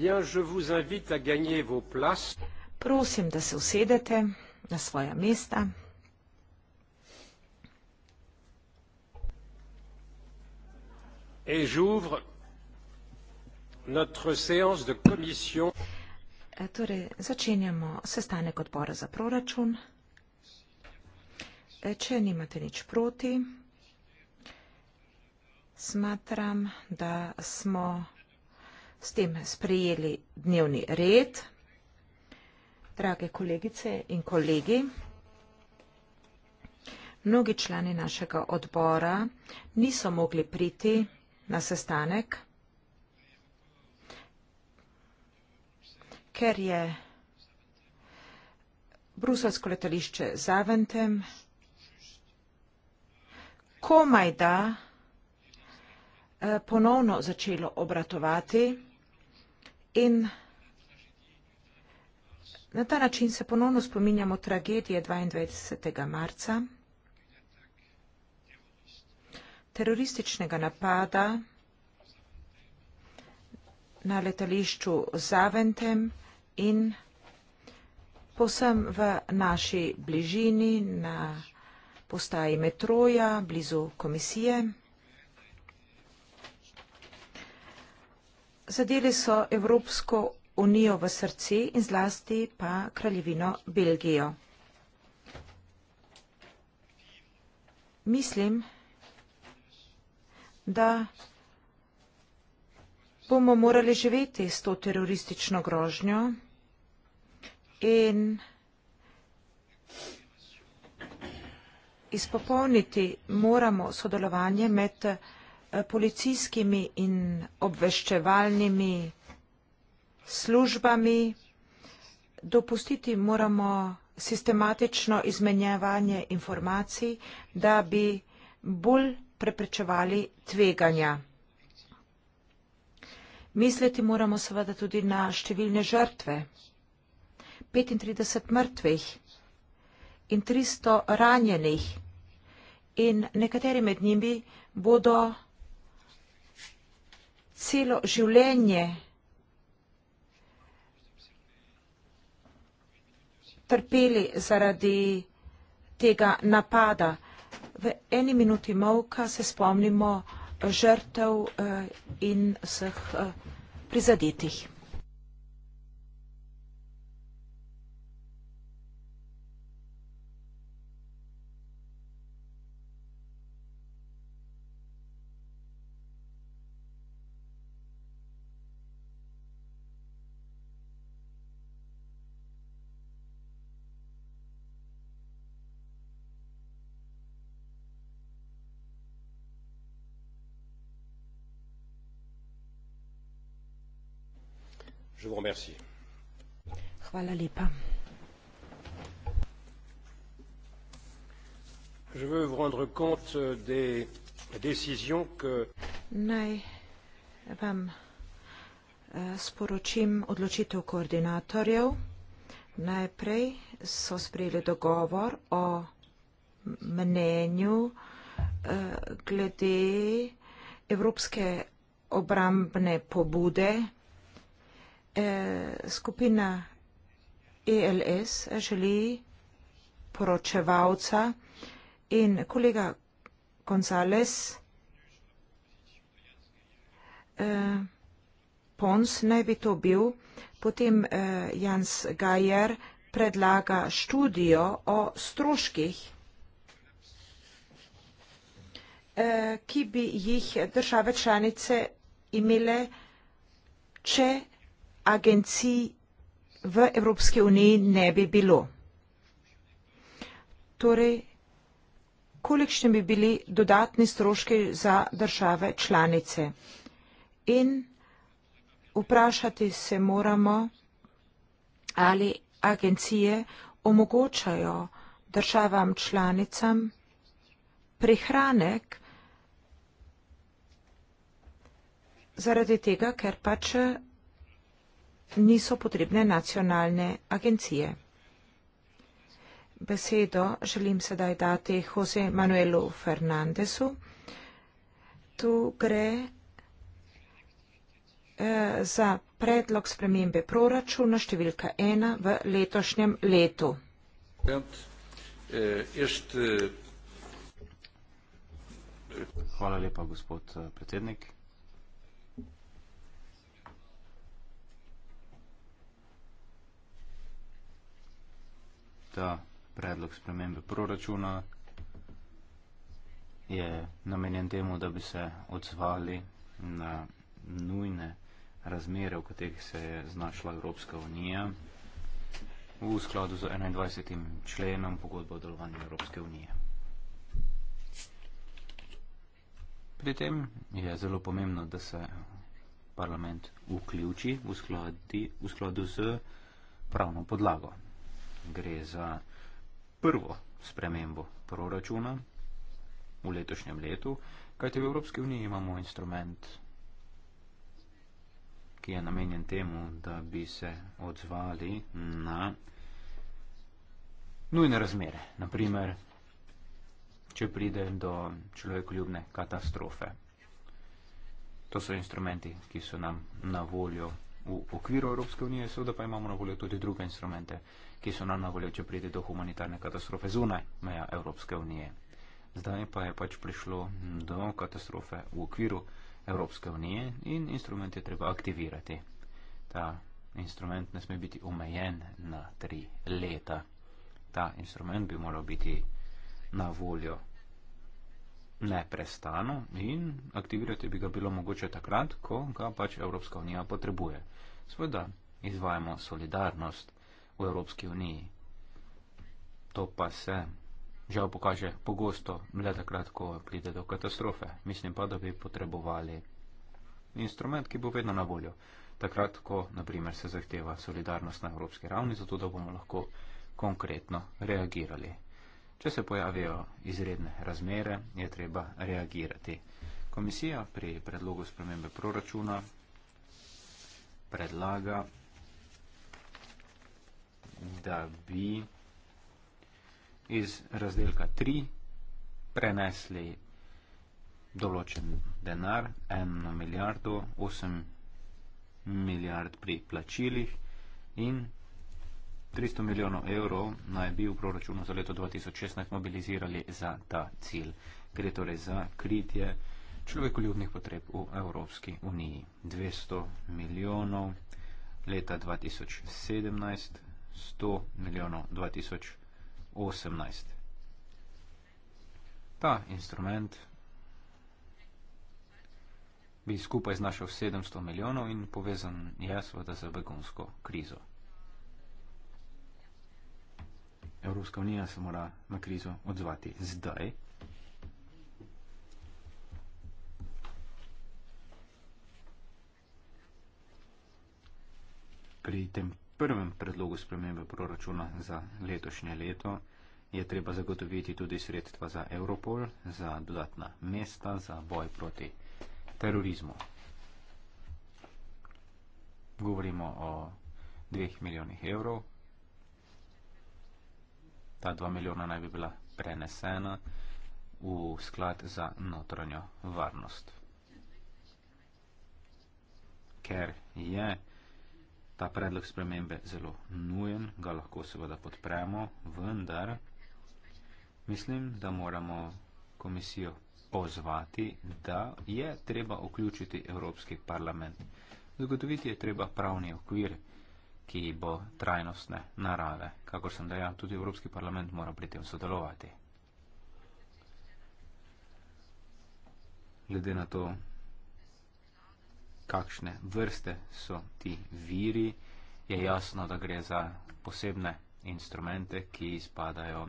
Bien, je vous invite à gagner vos places. Prosim, da se usedete na svoja mesta. Et j'ouvre notre séance de commission. Eh, torej, začenjamo sestanek odbora za proračun. Eh, če nimate nič proti, smatram, da smo s tem sprejeli dnevni red. Drage kolegice in kolegi, mnogi člani našega odbora niso mogli priti na sestanek, ker je Bruselsko letališče Zaventem komaj da eh, ponovno začelo obratovati. In na ta način se ponovno spominjamo tragedije 22. marca, terorističnega napada na letališču Zaventem in posem v naši bližini na postaji metroja blizu komisije. zadeli so Evropsko unijo v srce in zlasti pa kraljevino Belgijo. Mislim, da bomo morali živeti s to teroristično grožnjo in izpopolniti moramo sodelovanje med državami, policijskimi in obveščevalnimi službami, dopustiti moramo sistematično izmenjevanje informacij, da bi bolj preprečevali tveganja. Misliti moramo seveda tudi na številne žrtve. 35 mrtvih in 300 ranjenih in nekateri med njimi bodo celo življenje trpeli zaradi tega napada. V eni minuti molka se spomnimo žrtev eh, in vseh eh, prizadetih. Je vous remercie. Hvala lepa. Je veux vous rendre compte des décisions que Naj vam eh, sporočim odločitev koordinatorjev. Najprej so sprejeli dogovor o mnenju eh, glede evropske obrambne pobude eh, skupina ELS želi poročevalca in kolega Gonzales eh, Pons naj bi to bil, potem eh, Jans Gajer predlaga študijo o stroških, eh, ki bi jih države članice imele, če agencij v Evropski uniji ne bi bilo. Torej, kolikšni bi bili dodatni stroški za države članice? In vprašati se moramo, ali agencije omogočajo državam članicam prihranek zaradi tega, ker pač niso potrebne nacionalne agencije. Besedo želim sedaj dati Jose Manuelu Fernandesu. Tu gre eh, za predlog spremembe proračuna številka ena v letošnjem letu. Eh, Hvala lepa, gospod eh, predsednik. ta predlog spremembe proračuna je namenjen temu, da bi se odzvali na nujne razmere, v katerih se je znašla Evropska unija v skladu z 21. členom pogodbe o delovanju Evropske unije. Pri tem je zelo pomembno, da se parlament vključi v skladu z pravno podlago gre za prvo spremembo proračuna v letošnjem letu, kajte v Evropski uniji imamo instrument, ki je namenjen temu, da bi se odzvali na nujne razmere. Naprimer, če pride do človekoljubne katastrofe. To so instrumenti, ki so nam na voljo v okviru Evropske unije, seveda pa imamo na voljo tudi druge instrumente, ki so nam na voljo, če pride do humanitarne katastrofe zunaj meja Evropske unije. Zdaj pa je pač prišlo do katastrofe v okviru Evropske unije in instrument je treba aktivirati. Ta instrument ne sme biti omejen na tri leta. Ta instrument bi moral biti na voljo neprestano in aktivirati bi ga bilo mogoče takrat, ko ga pač Evropska unija potrebuje. Sveda izvajamo solidarnost v Evropski uniji. To pa se žal pokaže pogosto, le takrat, ko pride do katastrofe. Mislim pa, da bi potrebovali instrument, ki bo vedno na voljo. Takrat, ko naprimer se zahteva solidarnost na evropski ravni, zato da bomo lahko konkretno reagirali. Če se pojavijo izredne razmere, je treba reagirati. Komisija pri predlogu spremembe proračuna predlaga da bi iz razdelka 3 prenesli določen denar, eno milijardo, 8 milijard pri plačilih in 300 milijonov evrov naj bi v proračunu za leto 2016 mobilizirali za ta cilj. Gre torej za kritje človekoljubnih potreb v Evropski uniji. 200 milijonov leta 2017 100 milijonov 2018. Ta instrument bi skupaj znašal 700 milijonov in povezan je seveda za begonsko krizo. Evropska unija se mora na krizo odzvati zdaj. Pri tem prvem predlogu spremembe proračuna za letošnje leto je treba zagotoviti tudi sredstva za Europol, za dodatna mesta, za boj proti terorizmu. Govorimo o dveh milijonih evrov. Ta dva milijona naj bi bila prenesena v sklad za notranjo varnost. Ker je ta predlog spremembe zelo nujen, ga lahko seveda podpremo, vendar mislim, da moramo komisijo pozvati, da je treba vključiti Evropski parlament. Zagotoviti je treba pravni okvir, ki bo trajnostne narave. Kakor sem dejal, tudi Evropski parlament mora pri tem sodelovati. Glede na to, kakšne vrste so ti viri, je jasno, da gre za posebne instrumente, ki izpadajo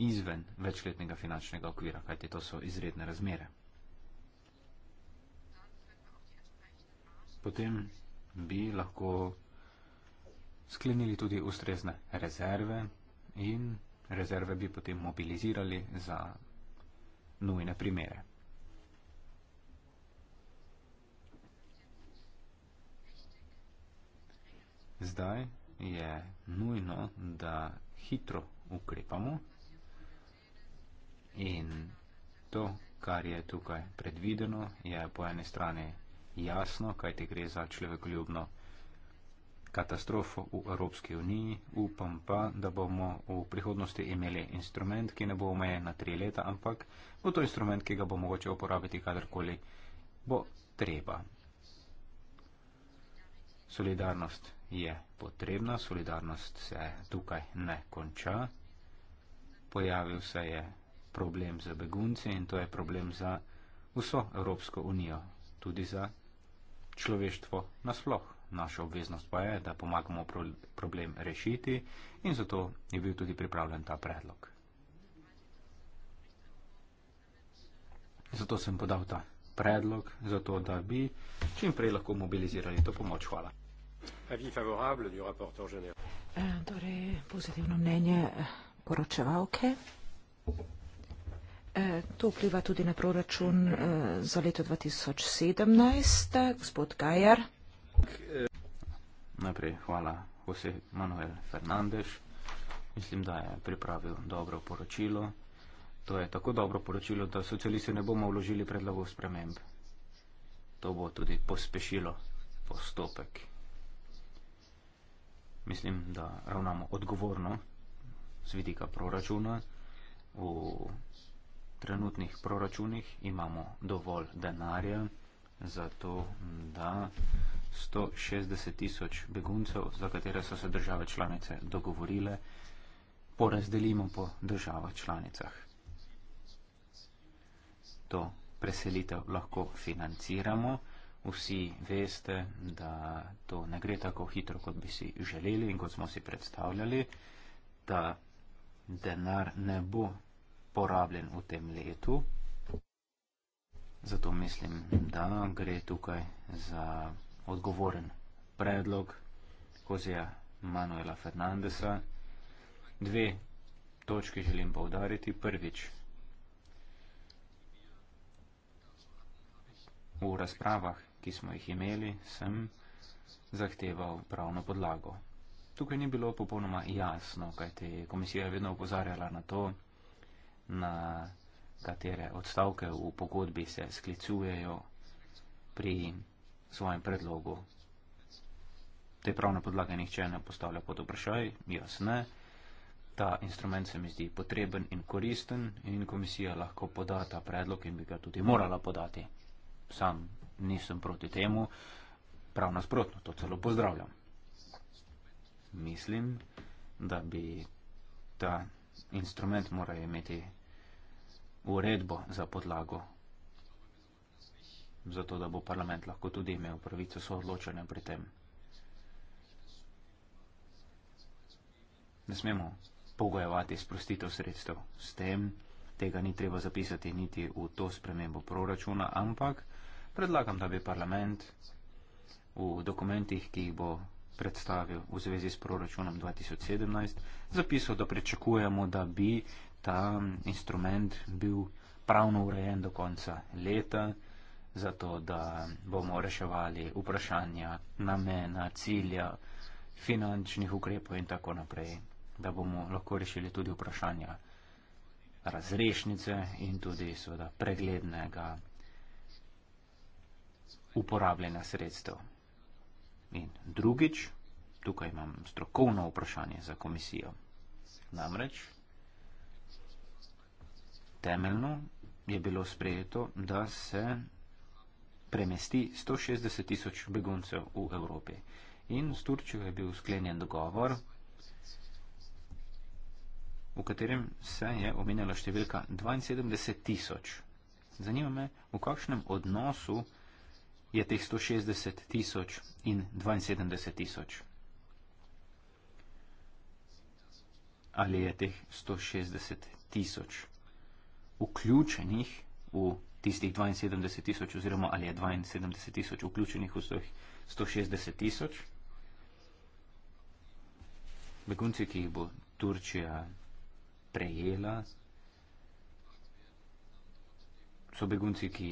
izven večletnega finančnega okvira, kajti to so izredne razmere. Potem bi lahko sklenili tudi ustrezne rezerve in rezerve bi potem mobilizirali za nujne primere. Zdaj je nujno, da hitro ukrepamo in to, kar je tukaj predvideno, je po eni strani jasno, kaj te gre za človekoljubno katastrofo v Evropski uniji. Upam pa, da bomo v prihodnosti imeli instrument, ki ne bo omejen na tri leta, ampak bo to instrument, ki ga bo mogoče uporabiti kadarkoli bo treba. Solidarnost je potrebna, solidarnost se tukaj ne konča. Pojavil se je problem za begunci in to je problem za vso Evropsko unijo, tudi za človeštvo nasploh. Naša obveznost pa je, da pomagamo problem rešiti in zato je bil tudi pripravljen ta predlog. Zato sem podal ta predlog, zato da bi čim prej lahko mobilizirali to pomoč. Hvala. Avis favorable du rapporteur général. Eh, torej, pozitivno mnenje eh, poročevalke. Eh, to vpliva tudi na proračun za leto 2017. Gospod Gajar. Najprej hvala Jose Manuel Fernandez. Mislim, da je pripravil dobro poročilo. To je tako dobro poročilo, da socialisti ne bomo vložili predlogov sprememb. To bo tudi pospešilo postopek mislim, da ravnamo odgovorno z vidika proračuna. V trenutnih proračunih imamo dovolj denarja za to, da 160 tisoč beguncev, za katere so se države članice dogovorile, porazdelimo po državah članicah. To preselitev lahko financiramo vsi veste, da to ne gre tako hitro, kot bi si želeli in kot smo si predstavljali, da denar ne bo porabljen v tem letu. Zato mislim, da gre tukaj za odgovoren predlog Kozija Manuela Fernandesa. Dve točke želim povdariti. Prvič, v razpravah ki smo jih imeli, sem zahteval pravno podlago. Tukaj ni bilo popolnoma jasno, kajti komisija je vedno upozarjala na to, na katere odstavke v pogodbi se sklicujejo pri svojem predlogu. Te pravne podlage nihče ne postavlja pod vprašaj, jaz ne. Ta instrument se mi zdi potreben in koristen in komisija lahko podata predlog in bi ga tudi morala podati. Sam nisem proti temu, prav nasprotno, to celo pozdravljam. Mislim, da bi ta instrument moral imeti uredbo za podlago, zato da bo parlament lahko tudi imel pravico soodločanja pri tem. Ne smemo pogojevati sprostitev sredstev s tem, tega ni treba zapisati niti v to spremembo proračuna, ampak predlagam, da bi parlament v dokumentih, ki jih bo predstavil v zvezi s proračunom 2017, zapisal, da pričakujemo, da bi ta instrument bil pravno urejen do konca leta, zato da bomo reševali vprašanja namena, cilja, finančnih ukrepov in tako naprej, da bomo lahko rešili tudi vprašanja razrešnice in tudi seveda preglednega uporabljena sredstev. In drugič, tukaj imam strokovno vprašanje za komisijo. Namreč, temeljno je bilo sprejeto, da se premesti 160 tisoč beguncev v Evropi. In s Turčjo je bil sklenjen dogovor, v katerem se je omenjala številka 72 tisoč. Zanima me, v kakšnem odnosu je teh 160 tisoč in 72 tisoč. Ali je teh 160 tisoč vključenih v tistih 72 tisoč oziroma ali je 72 tisoč vključenih v 160 tisoč? Begunci, ki jih bo Turčija prejela, so begunci, ki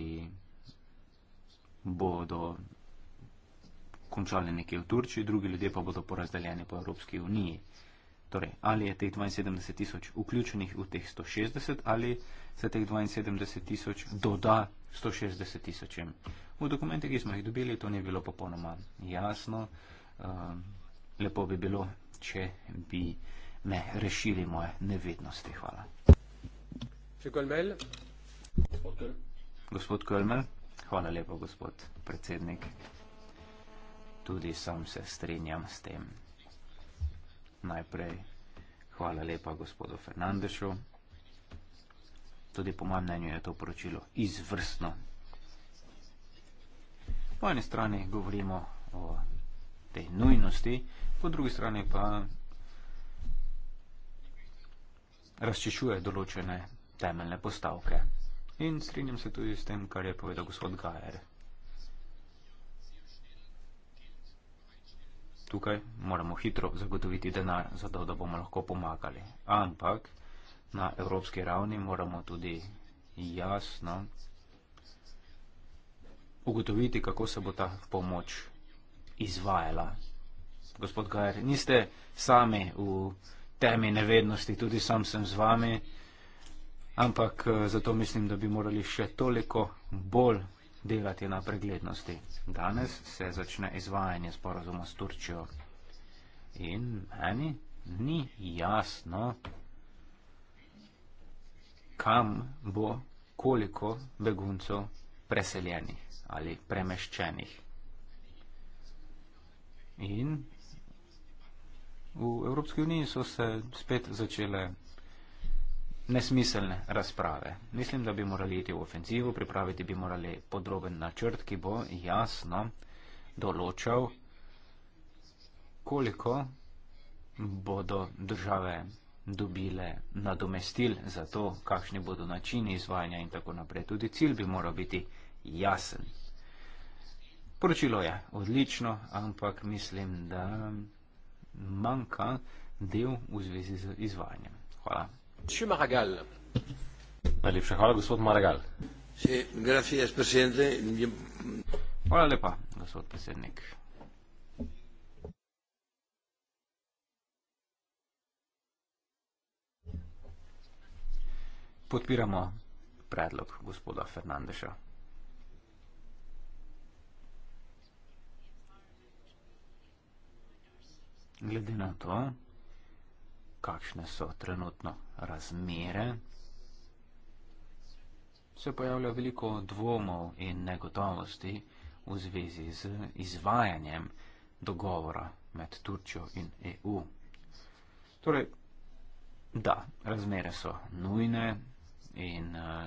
bodo končali nekje v Turčiji, drugi ljudje pa bodo porazdeljeni po Evropski uniji. Torej, ali je teh 72 tisoč vključenih v teh 160 ali se teh 72 tisoč doda 160 tisočem. V dokumente, ki smo jih dobili, to ni bilo popolnoma jasno. Ehm, lepo bi bilo, če bi me rešili moje nevednosti. Hvala. Gospod Kölmel. Gospod Kölmel. Hvala lepa, gospod predsednik. Tudi sam se strinjam s tem. Najprej hvala lepa gospodu Fernandešu. Tudi po mojem mnenju je to poročilo izvrstno. Po eni strani govorimo o tej nujnosti, po drugi strani pa razčešuje določene temeljne postavke. In strinjam se tudi s tem, kar je povedal gospod Gajer. Tukaj moramo hitro zagotoviti denar, zato da bomo lahko pomagali. Ampak na evropski ravni moramo tudi jasno ugotoviti, kako se bo ta pomoč izvajala. Gospod Gajer, niste sami v temi nevednosti, tudi sam sem z vami ampak eh, zato mislim, da bi morali še toliko bolj delati na preglednosti. Danes se začne izvajanje sporazuma s Turčijo in meni ni jasno, kam bo, koliko beguncov preseljenih ali premeščenih. In v Evropski uniji so se spet začele nesmiselne razprave. Mislim, da bi morali iti v ofenzivo, pripraviti bi morali podroben načrt, ki bo jasno določal, koliko bodo države dobile nadomestil za to, kakšni bodo načini izvajanja in tako naprej. Tudi cilj bi moral biti jasen. Poročilo je odlično, ampak mislim, da manjka del v zvezi z izvajanjem. Hvala. Monsieur Maragall. Najlepša hvala, gospod Maragall. Sí, gracias, presidente. Hvala lepa, gospod predsednik. Podpiramo predlog gospoda Fernandeša. Glede na to, kakšne so trenutno razmere. Se pojavlja veliko dvomov in negotovosti v zvezi z izvajanjem dogovora med Turčjo in EU. Torej, da, razmere so nujne in z uh,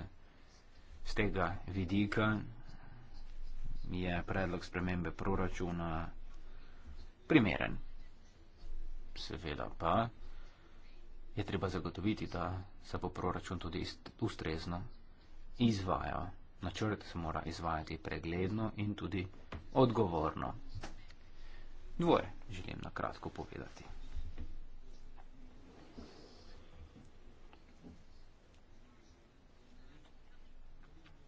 eh, tega vidika je predlog spremembe proračuna primeren. Seveda pa je treba zagotoviti, da se bo proračun tudi ustrezno izvajal. Načrt se mora izvajati pregledno in tudi odgovorno. Dvoje želim na kratko povedati.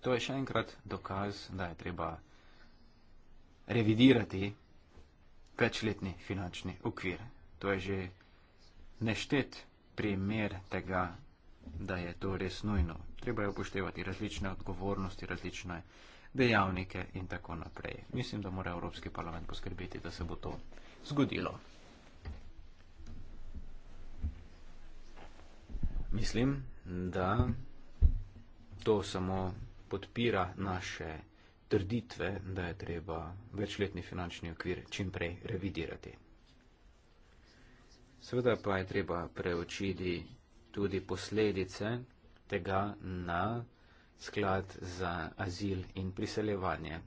To je še enkrat dokaz, da je treba revidirati večletni finančni okvir. To je že neštet primer tega, da je to res nujno. Treba je upoštevati različne odgovornosti, različne dejavnike in tako naprej. Mislim, da mora Evropski parlament poskrbeti, da se bo to zgodilo. Mislim, da to samo podpira naše trditve, da je treba večletni finančni okvir čimprej revidirati. Seveda pa je treba preučiti tudi posledice tega na sklad za azil in priseljevanje.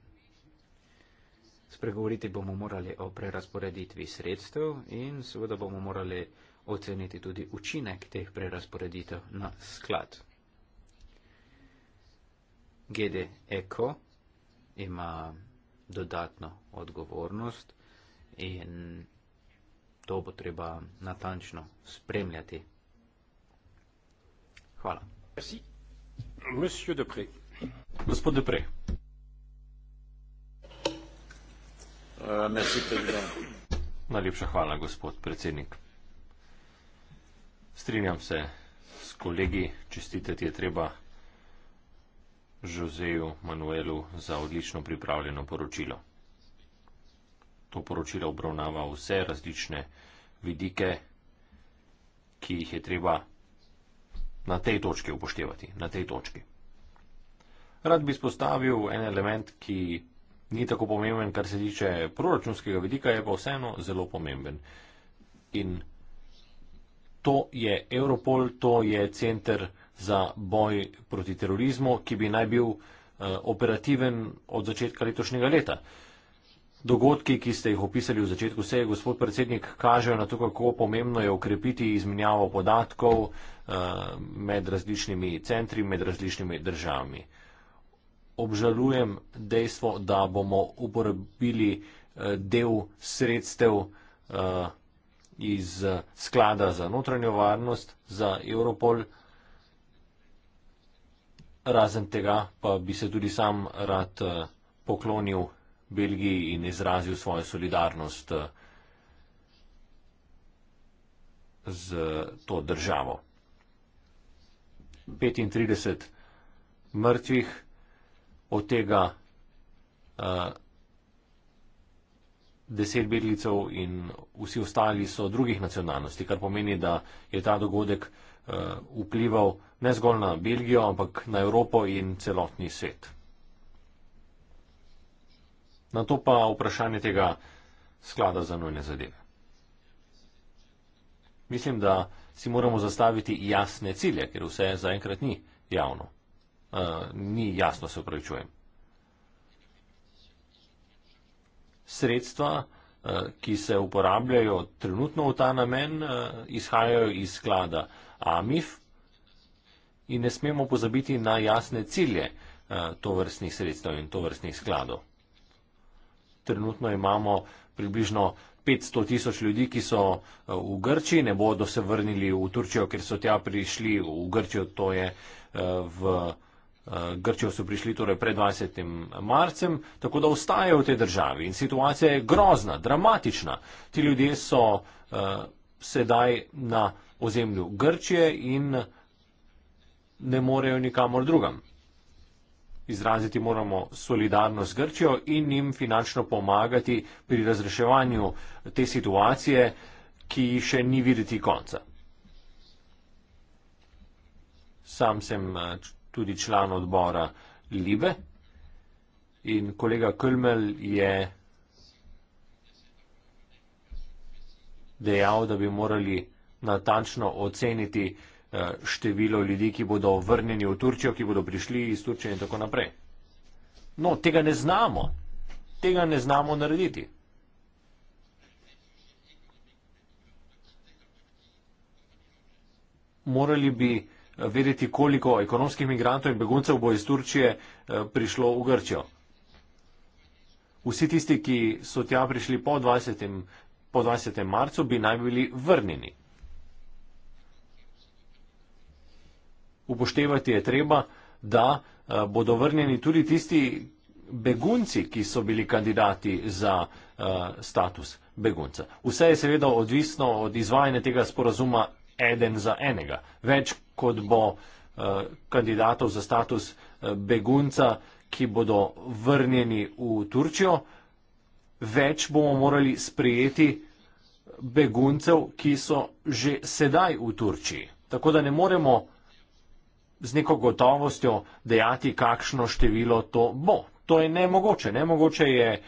Spregovoriti bomo morali o prerasporeditvi sredstev in seveda bomo morali oceniti tudi učinek teh prerasporeditev na sklad. GD Eko ima dodatno odgovornost in to bo treba natančno spremljati. Hvala. Merci. Monsieur Depré. Gospod Depré. Uh, merci, Najlepša hvala, gospod predsednik. Strinjam se s kolegi, čestitati je treba Žozeju Manuelu za odlično pripravljeno poročilo. To poročilo obravnava vse različne vidike, ki jih je treba na tej točki upoštevati. Tej točki. Rad bi spostavil en element, ki ni tako pomemben, kar se tiče proračunskega vidika, je pa vseeno zelo pomemben. In to je Europol, to je centr za boj proti terorizmu, ki bi naj bil uh, operativen od začetka letošnjega leta. Uh, Dogodki, ki ste jih opisali v začetku seje, gospod predsednik, kažejo na to, kako pomembno je ukrepiti izmenjavo podatkov eh, med različnimi centri, med različnimi državami. Obžalujem dejstvo, da bomo uporabili eh, del sredstev eh, iz sklada za notranjo varnost, za Europol. Razen tega pa bi se tudi sam rad poklonil Belgiji in izrazil svojo solidarnost eh, z to državo. 35 mrtvih, od tega uh, eh, 10 belgijcev in vsi ostali so drugih nacionalnosti, kar pomeni, da je ta dogodek uh, vplival ne zgolj na Belgijo, ampak na Evropo in celotni svet. Na to pa vprašanje tega sklada za nujne zadeve. Mislim, da si moramo zastaviti jasne cilje, ker vse zaenkrat ni javno. Uh, ni jasno, se upravičujem. Sredstva, uh, ki se uporabljajo trenutno v ta namen, uh, izhajajo iz sklada AMIF in ne smemo pozabiti na jasne cilje uh, to vrstnih sredstev in to vrstnih skladov trenutno imamo približno 500 tisoč ljudi, ki so eh, v Grčiji, ne bodo se vrnili v Turčijo, ker so tja prišli v Grčijo, to je eh, v eh, Grčijo so prišli torej pred 20. marcem, tako da ostajajo v tej državi in situacija je grozna, dramatična. Ti ljudje so sedaj na ozemlju Grčije in ne morejo nikamor drugam izraziti moramo solidarnost z Grčijo in jim finančno pomagati pri razreševanju te situacije, ki še ni videti konca. Sam sem eh, tudi član odbora Libe in kolega Kölmel je dejal, da bi morali natančno oceniti, Eh, število ljudi, ki bodo vrnjeni v Turčijo, ki bodo prišli iz Turčije in tako naprej. No, tega ne znamo. Tega ne znamo narediti. Morali bi eh, vedeti, koliko ekonomskih migrantov in beguncev bo iz Turčije eh, prišlo v Grčijo. Vsi tisti, ki so tja prišli po 20. Po 20. marcu bi naj bili vrnjeni. upoštevati je treba, da eh, bodo vrnjeni tudi tisti begunci, ki so bili kandidati za eh, status begunca. Vse je seveda odvisno od izvajanja tega sporazuma eden za enega. Več kot bo eh, kandidatov za status begunca, ki bodo vrnjeni v Turčjo, več bomo morali sprijeti beguncev, ki so že sedaj v Turčji. Tako da ne moremo z neko gotovostjo dejati, kakšno število to bo. To je nemogoče. Nemogoče je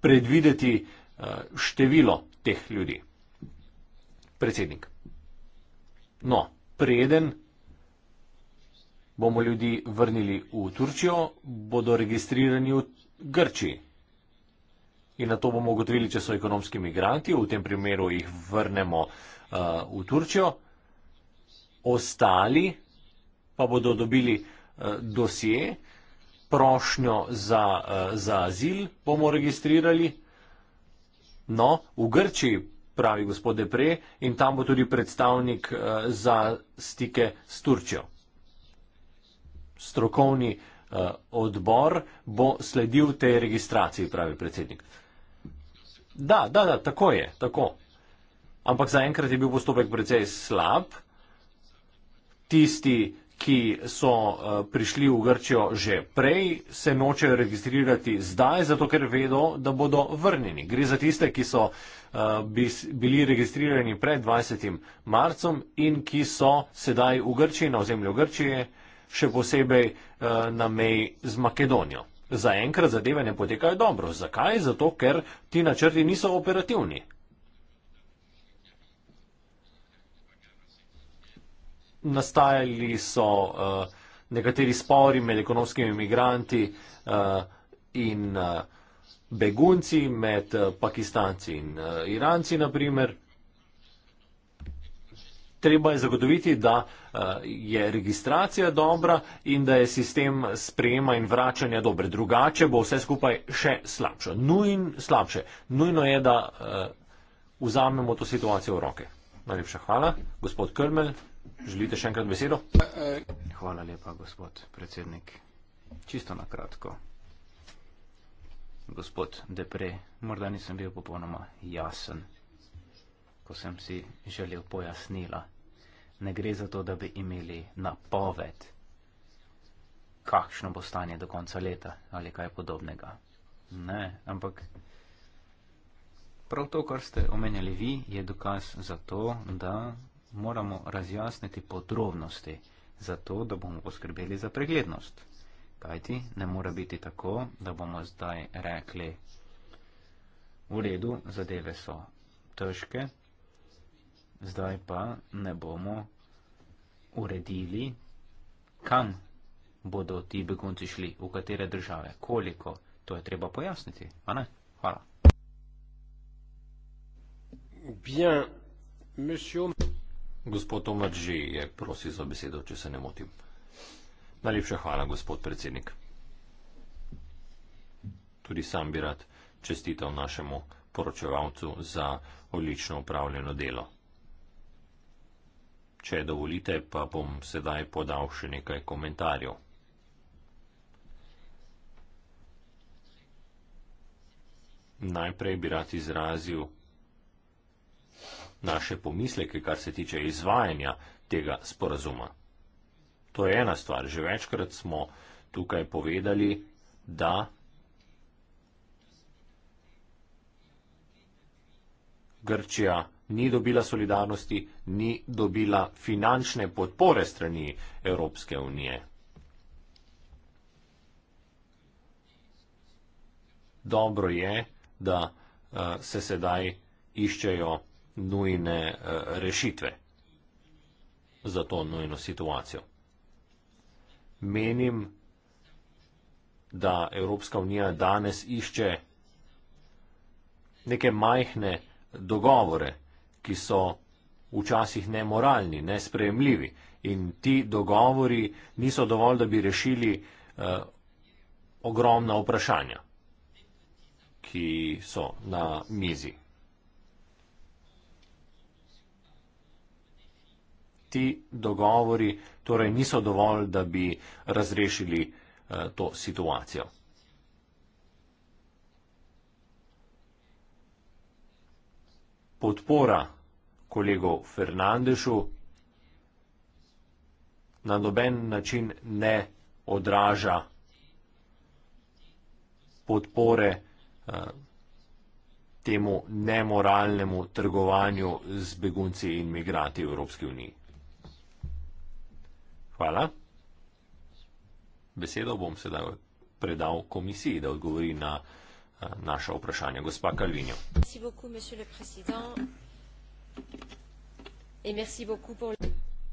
predvideti eh, število teh ljudi. Predsednik. No, preden bomo ljudi vrnili v Turčijo, bodo registrirani v Grčiji. In na to bomo ugotovili, če so ekonomski migranti, v tem primeru jih vrnemo uh, v Turčijo. Ostali pa bodo dobili uh, dosje, prošnjo za, uh, za azil bomo registrirali. No, v Grčiji, pravi gospod Depre, in tam bo tudi predstavnik uh, za stike s Turčjo. Strokovni uh, odbor bo sledil tej registraciji, pravi predsednik. Da, da, da, tako je, tako. Ampak zaenkrat je bil postopek precej slab. Tisti ki so eh, prišli v Grčijo že prej, se nočejo registrirati zdaj, zato ker vedo, da bodo vrnjeni. Gre za tiste, ki so eh, bili registrirani pred 20. marcem in ki so sedaj v Grčiji, na ozemlju Grčije, še posebej eh, na meji z Makedonijo. Zaenkrat zadeve ne potekajo dobro. Zakaj? Zato, ker ti načrti niso operativni. nastajali so uh, nekateri spori med ekonomskimi imigranti uh, eh, in uh, begunci, med uh, pakistanci in uh, iranci, naprimer. Treba je zagotoviti, da je registracija dobra in da je sistem sprejema in vračanja dober. Drugače bo vse skupaj še slabše. Nujn, slabše. Nujno je, da vzamemo to situacijo v roke. Najlepša hvala. Gospod Krmel. Želite še enkrat besedo? Eh, eh. Hvala lepa, gospod predsednik. Čisto na kratko. Gospod Depre, morda nisem bil popolnoma jasen, ko sem si želel pojasnila. Ne gre za to, da bi imeli napoved, kakšno bo stanje do konca leta ali kaj podobnega. Ne, ampak prav to, kar ste omenjali vi, je dokaz za to, da moramo razjasniti podrobnosti, zato da bomo poskrbeli za preglednost. Kajti ne mora biti tako, da bomo zdaj rekli, v redu, zadeve so težke, zdaj pa ne bomo uredili, kam bodo ti begunci šli, v katere države, koliko, to je treba pojasniti. Hvala. Bien, monsieur. Gospod Tomač že je prosil za besedo, če se ne motim. Najlepša hvala, gospod predsednik. Tudi sam bi rad čestital našemu poročevalcu za odlično upravljeno delo. Če dovolite, pa bom sedaj podal še nekaj komentarjev. Najprej bi rad izrazil naše pomisleke, kar se tiče izvajanja tega sporazuma. To je ena stvar. Že večkrat smo tukaj povedali, da Grčija ni dobila solidarnosti, ni dobila finančne podpore strani Evropske unije. Dobro je, da uh, se sedaj iščejo nujne eh, rešitve za to nujno situacijo. Menim, da Evropska unija danes išče neke majhne dogovore, ki so včasih nemoralni, nespremljivi in ti dogovori niso dovolj, da bi rešili eh, ogromna vprašanja, ki so na mizi. ti dogovori torej niso dovolj, da bi razrešili eh, to situacijo. Podpora kolegov Fernandešu na noben način ne odraža podpore eh, temu nemoralnemu trgovanju z begunci in migranti v Evropski uniji. Hvala. Besedo bom sedaj predal komisiji, da odgovori na eh, naša vprašanja. Gospa Kalvinjo.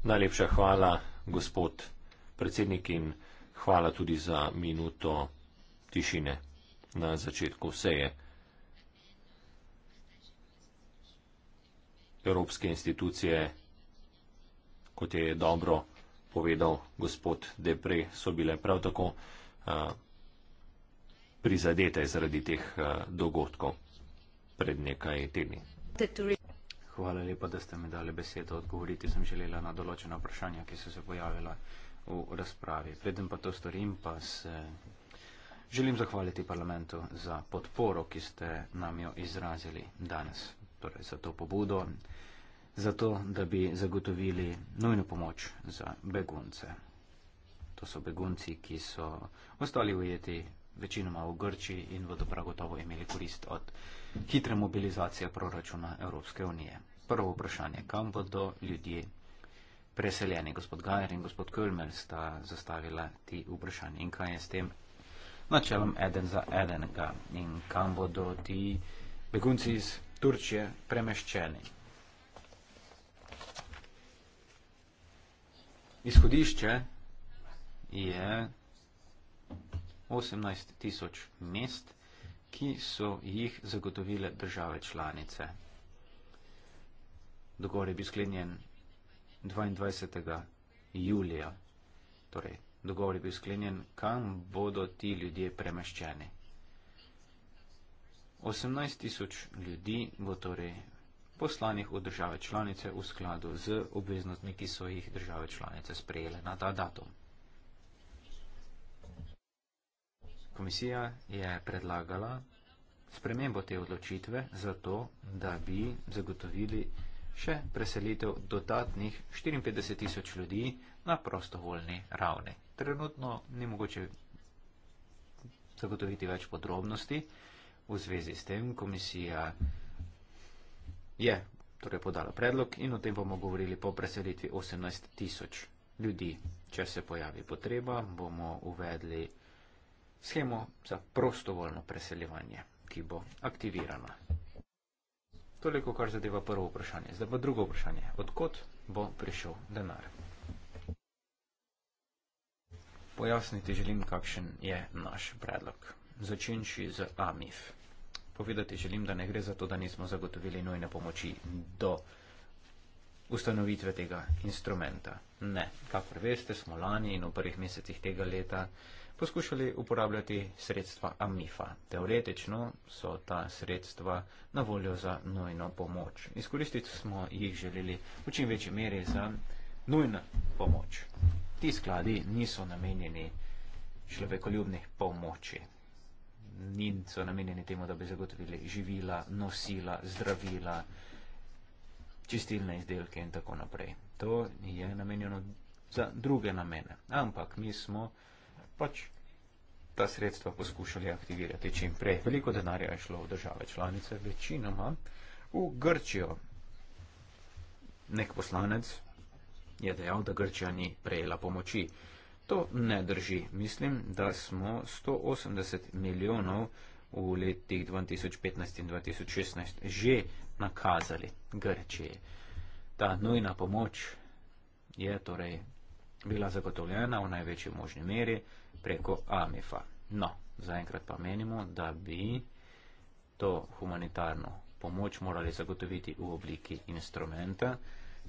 Najlepša hvala, gospod predsednik, in hvala tudi za minuto tišine na začetku vseje. Evropske institucije, kot je dobro, povedal gospod Depre, so bile prav tako uh, prizadete zaradi teh uh, dogodkov pred nekaj tedni. Hvala lepa, da ste mi dali besedo odgovoriti. Sem želela na določena vprašanja, ki so se pojavila v razpravi. Preden pa to storim, pa se želim zahvaliti parlamentu za podporo, ki ste nam jo izrazili danes, torej za to pobudo zato, da bi zagotovili nujno pomoč za begunce. To so begunci, ki so ostali ujeti večinoma v Grči in bodo prav gotovo imeli korist od hitre mobilizacije proračuna Evropske unije. Prvo vprašanje, kam bodo ljudje preseljeni? Gospod Gajer in gospod Kölmer sta zastavila ti vprašanje. In kaj je s tem načelom eden za enega? In kam bodo ti begunci iz Turčije premeščeni? Izhodišče je 18 tisoč mest, ki so jih zagotovile države članice. Dogovor je bil sklenjen 22. julija. Torej, dogovor je bil sklenjen, kam bodo ti ljudje premeščeni. 18 tisoč ljudi bo torej poslanih v države članice v skladu z obveznostmi, ki so jih države članice sprejele na ta datum. Komisija je predlagala spremembo te odločitve zato, da bi zagotovili še preselitev dodatnih 54 tisoč ljudi na prostovoljni ravni. Trenutno ni mogoče zagotoviti več podrobnosti v zvezi s tem. Komisija je torej podala predlog in o tem bomo govorili po preselitvi 18 tisoč ljudi. Če se pojavi potreba, bomo uvedli schemo za prostovoljno preseljevanje, ki bo aktivirana. Toliko, kar zadeva prvo vprašanje. Zdaj pa drugo vprašanje. Odkot bo prišel denar? Pojasniti želim, kakšen je naš predlog. Začenši z AMIF povedati želim, da ne gre za to, da nismo zagotovili nujne pomoči do ustanovitve tega instrumenta. Ne, kakor veste, smo lani in v prvih mesecih tega leta poskušali uporabljati sredstva AMIFA. Teoretično so ta sredstva na voljo za nujno pomoč. Izkoristiti smo jih želeli v čim večji meri za nujna pomoč. Ti skladi niso namenjeni človekoljubni pomoči niso namenjeni temu, da bi zagotovili živila, nosila, zdravila, čistilne izdelke in tako naprej. To je namenjeno za druge namene. Ampak mi smo pač ta sredstva poskušali aktivirati čim prej. Veliko denarja je šlo v države članice, večinoma v Grčijo. Nek poslanec je dejal, da Grčija ni prejela pomoči. To ne drži. Mislim, da smo 180 milijonov v letih 2015 in 2016 že nakazali Grčiji. Ta nujna pomoč je torej bila zagotovljena v največji možni meri preko AMIFA. No, zaenkrat pa menimo, da bi to humanitarno pomoč morali zagotoviti v obliki instrumenta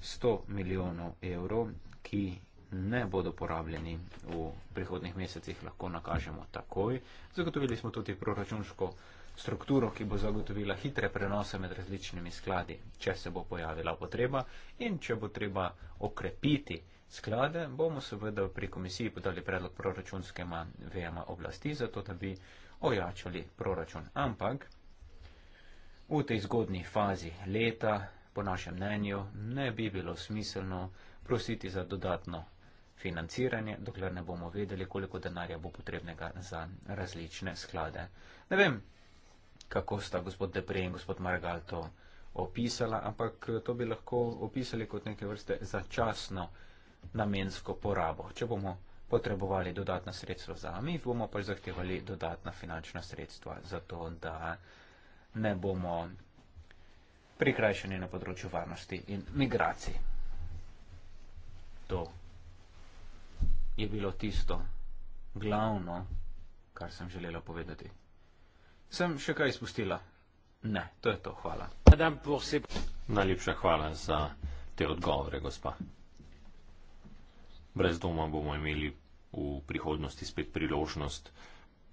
100 milijonov evrov, ki ne bodo porabljeni v prihodnih mesecih, lahko nakažemo takoj. Zagotovili smo tudi proračunsko strukturo, ki bo zagotovila hitre prenose med različnimi skladi, če se bo pojavila potreba in če bo treba okrepiti sklade, bomo seveda pri komisiji podali predlog proračunskema vejama oblasti, zato da bi ojačali proračun. Ampak v tej zgodni fazi leta, po našem mnenju, ne bi bilo smiselno prositi za dodatno financiranje, dokler ne bomo vedeli, koliko denarja bo potrebnega za različne sklade. Ne vem, kako sta gospod Depre in gospod Margal to opisala, ampak eh, to bi lahko opisali kot neke vrste začasno namensko porabo. Če bomo potrebovali dodatna sredstva za mi, bomo pač zahtevali dodatna finančna sredstva za to, da ne bomo prikrajšeni na področju varnosti in migracij. 都。je bilo tisto glavno, kar sem želela povedati. Sem še kaj izpustila? Ne, to je to, hvala. Najlepša hvala za te odgovore, gospa. Brez doma bomo imeli v prihodnosti spet priložnost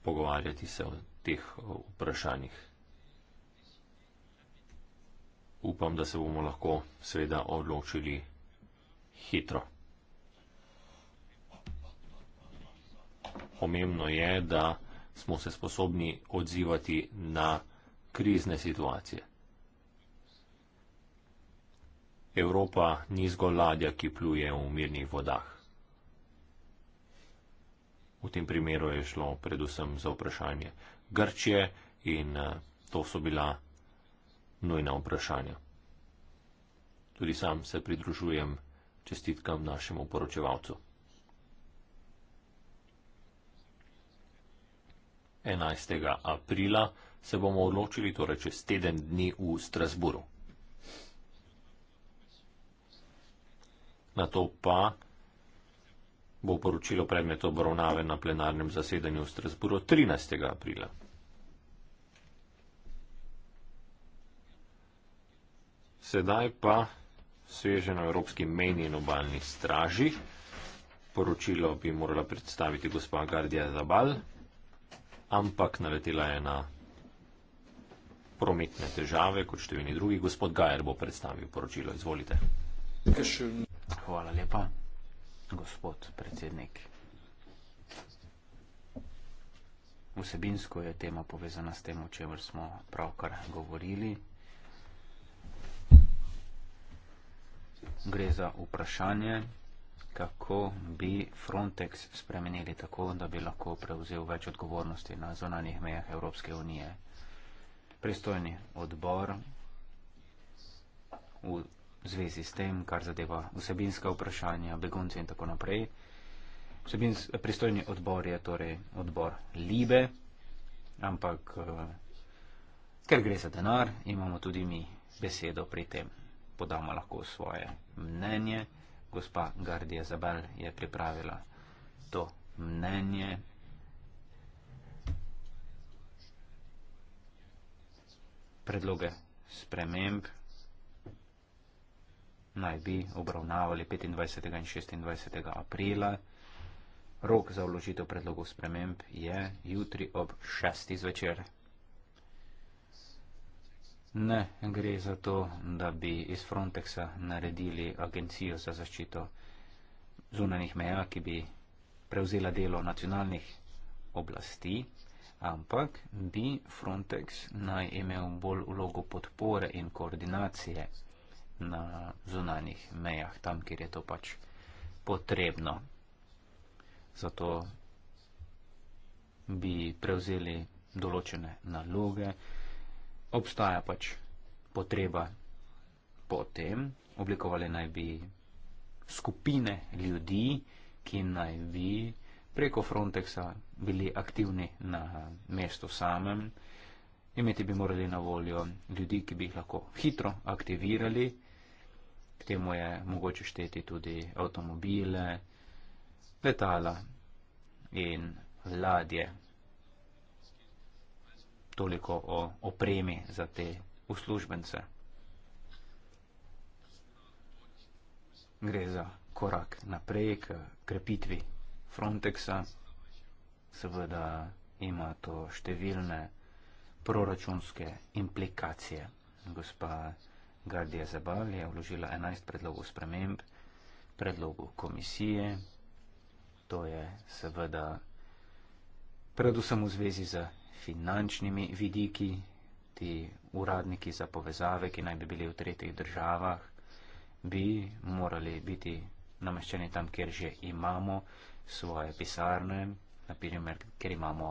pogovarjati se o teh vprašanjih. Upam, da se bomo lahko seveda odločili hitro. pomembno je, da smo se sposobni odzivati na krizne situacije. Evropa ni zgolj ladja, ki pluje v mirnih vodah. V tem primeru je šlo predvsem za vprašanje Grčije in eh, to so bila nujna vprašanja. Tudi sam se pridružujem čestitkam našemu poročevalcu. 11. aprila, se bomo odločili torej čez teden dni v Strasburu. Na to pa bo poročilo predmet obravnave na plenarnem zasedanju v Strasburu 13. aprila. Sedaj pa sveže na Evropski meni in obaljni straži. Poročilo bi morala predstaviti gospa Gardija Zabal ampak naletela je na prometne težave, kot številni drugi. Gospod Gajer bo predstavil poročilo. Izvolite. Hvala lepa, gospod predsednik. Vsebinsko je tema povezana s tem, o čemer smo pravkar govorili. Gre za vprašanje, kako bi Frontex spremenili tako, da bi lahko prevzel več odgovornosti na zonanih mejah Evropske unije. Pristojni odbor v zvezi s tem, kar zadeva vsebinska vprašanja, begunci in tako naprej. Vsebins, pristojni odbor je torej odbor Libe, ampak eh, ker gre za denar, imamo tudi mi besedo pri tem. Podamo lahko svoje mnenje gospa Gardija Zabel je pripravila to mnenje. Predloge sprememb naj bi obravnavali 25. in 26. aprila. Rok za vložitev predlogov sprememb je jutri ob 6. zvečer. Ne gre za to, da bi iz Frontexa naredili agencijo za zaščito zunanih meja, ki bi prevzela delo nacionalnih oblasti, ampak bi Frontex naj imel bolj vlogo podpore in koordinacije na zunanih mejah, tam, kjer je to pač potrebno. Zato bi prevzeli določene naloge obstaja pač potreba po tem, oblikovali naj bi skupine ljudi, ki naj bi preko Frontexa bili aktivni na mestu samem. Imeti bi morali na voljo ljudi, ki bi jih lahko hitro aktivirali. K temu je mogoče šteti tudi avtomobile, letala in ladje, toliko o opremi za te uslužbence. Gre za korak naprej k krepitvi Frontexa. Seveda ima to številne proračunske implikacije. Gospa Gardija Zabal je vložila 11 predlogov sprememb, predlogov komisije. To je seveda predvsem v zvezi z finančnimi vidiki, ti uradniki za povezave, ki naj bi bili v tretjih državah, bi morali biti nameščeni tam, kjer že imamo svoje pisarne, naprimer, kjer imamo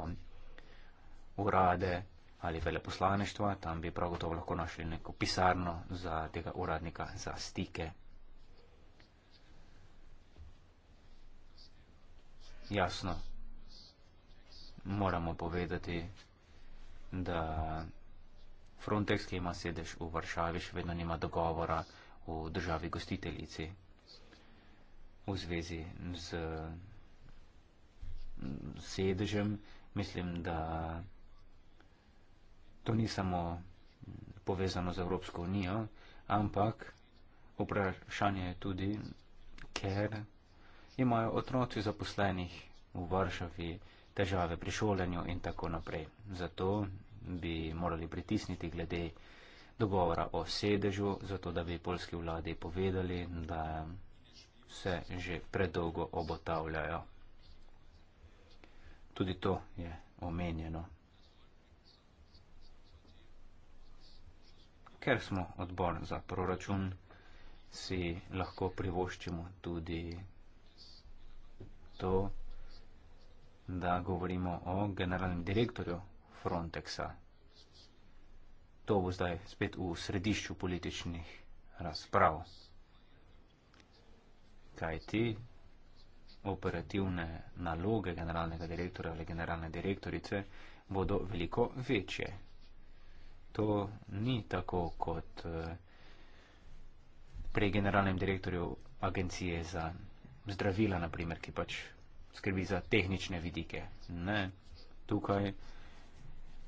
urade ali veleposlaništva, tam bi prav gotovo lahko našli neko pisarno za tega uradnika za stike. Jasno, moramo povedati, da Frontex, ki ima sedež v Varšavi, še vedno nima dogovora v državi gostiteljici v zvezi z sedežem. Mislim, da to ni samo povezano z Evropsko unijo, ampak vprašanje je tudi, ker imajo otroci zaposlenih v Varšavi težave pri šolanju in tako naprej. Zato bi morali pritisniti glede dogovora o sedežu, zato da bi polski vladi povedali, da se že predolgo obotavljajo. Tudi to je omenjeno. Ker smo odbor za proračun, si lahko privoščimo tudi to, da govorimo o generalnem direktorju Frontexa. To bo zdaj spet v središču političnih razprav. Kaj ti operativne naloge generalnega direktora ali generalne direktorice bodo veliko večje. To ni tako kot eh, pri generalnem direktorju agencije za zdravila, naprimer, ki pač skrbi za tehnične vidike. Ne. Tukaj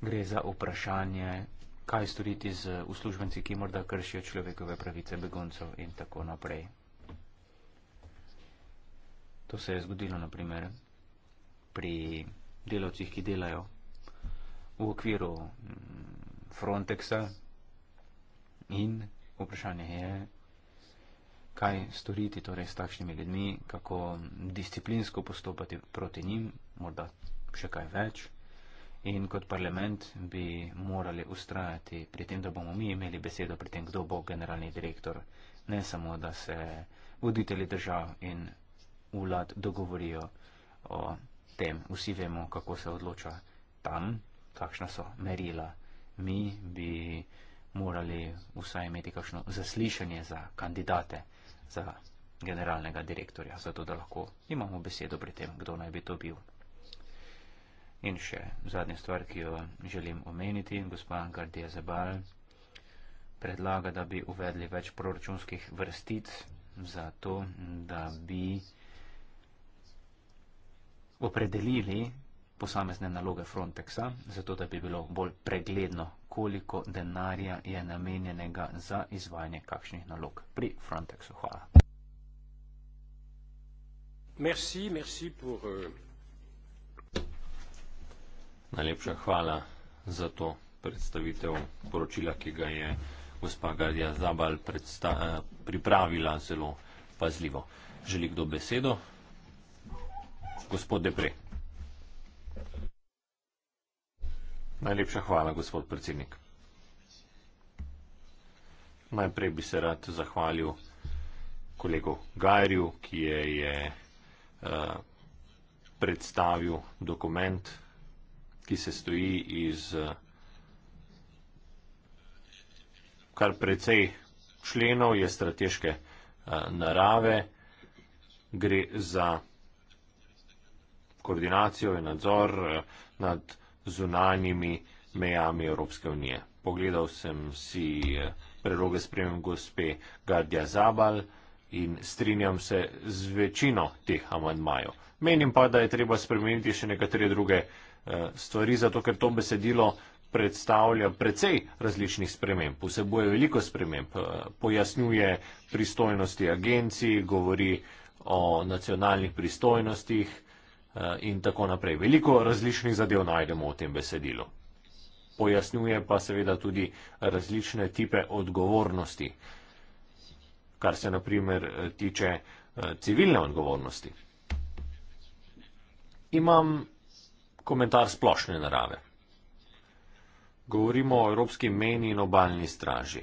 gre za vprašanje, kaj storiti z uslužbenci, ki morda kršijo človekove pravice beguncev in tako naprej. To se je zgodilo naprimer pri delavcih, ki delajo v okviru mm, Frontexa in vprašanje je, kaj storiti torej, s takšnimi ljudmi, kako disciplinsko postopati proti njim, morda še kaj več. In kot parlament bi morali ustrajati pri tem, da bomo mi imeli besedo pri tem, kdo bo generalni direktor. Ne samo, da se voditelji držav in vlad dogovorijo o tem. Vsi vemo, kako se odloča tam, kakšna so merila. Mi bi morali vsaj imeti kakšno zaslišanje za kandidate za generalnega direktorja, zato da lahko imamo besedo pri tem, kdo naj bi to bil. In še zadnja stvar, ki jo želim omeniti, gospod Gardija Zebal predlaga, da bi uvedli več proračunskih vrstic za to, da bi opredelili posamezne naloge Frontexa, zato da bi bilo bolj pregledno, koliko denarja je namenjenega za izvajanje kakšnih nalog pri Frontexu. Hvala. Merci, merci pour, uh... Najlepša hvala za to predstavitev poročila, ki ga je gospa Gardija Zabal predsta, uh, pripravila zelo pazljivo. Želi kdo besedo? Gospod Depre. Najlepša hvala, gospod predsednik. Najprej bi se rad zahvalil kolegu Gajerju, ki je, je uh, predstavil dokument, ki se stoji iz uh, kar precej členov je strateške uh, narave. Gre za koordinacijo in nadzor uh, nad zunanjimi mejami Evropske unije. Pogledal sem si eh, preroge spremem gospe Gardja Zabal in strinjam se z večino teh amandmajev. Menim pa, da je treba spremeniti še nekatere druge eh, stvari, zato ker to besedilo predstavlja precej različnih sprememb, vseboje veliko sprememb, eh, pojasnjuje pristojnosti agencij, govori o nacionalnih pristojnostih, Eh, in tako naprej. Veliko različnih zadev najdemo v tem besedilu. Pojasnjuje pa seveda tudi različne tipe odgovornosti, kar se naprimer eh, tiče eh, civilne odgovornosti. Imam komentar splošne narave. Govorimo o Evropski meni in obaljni straži.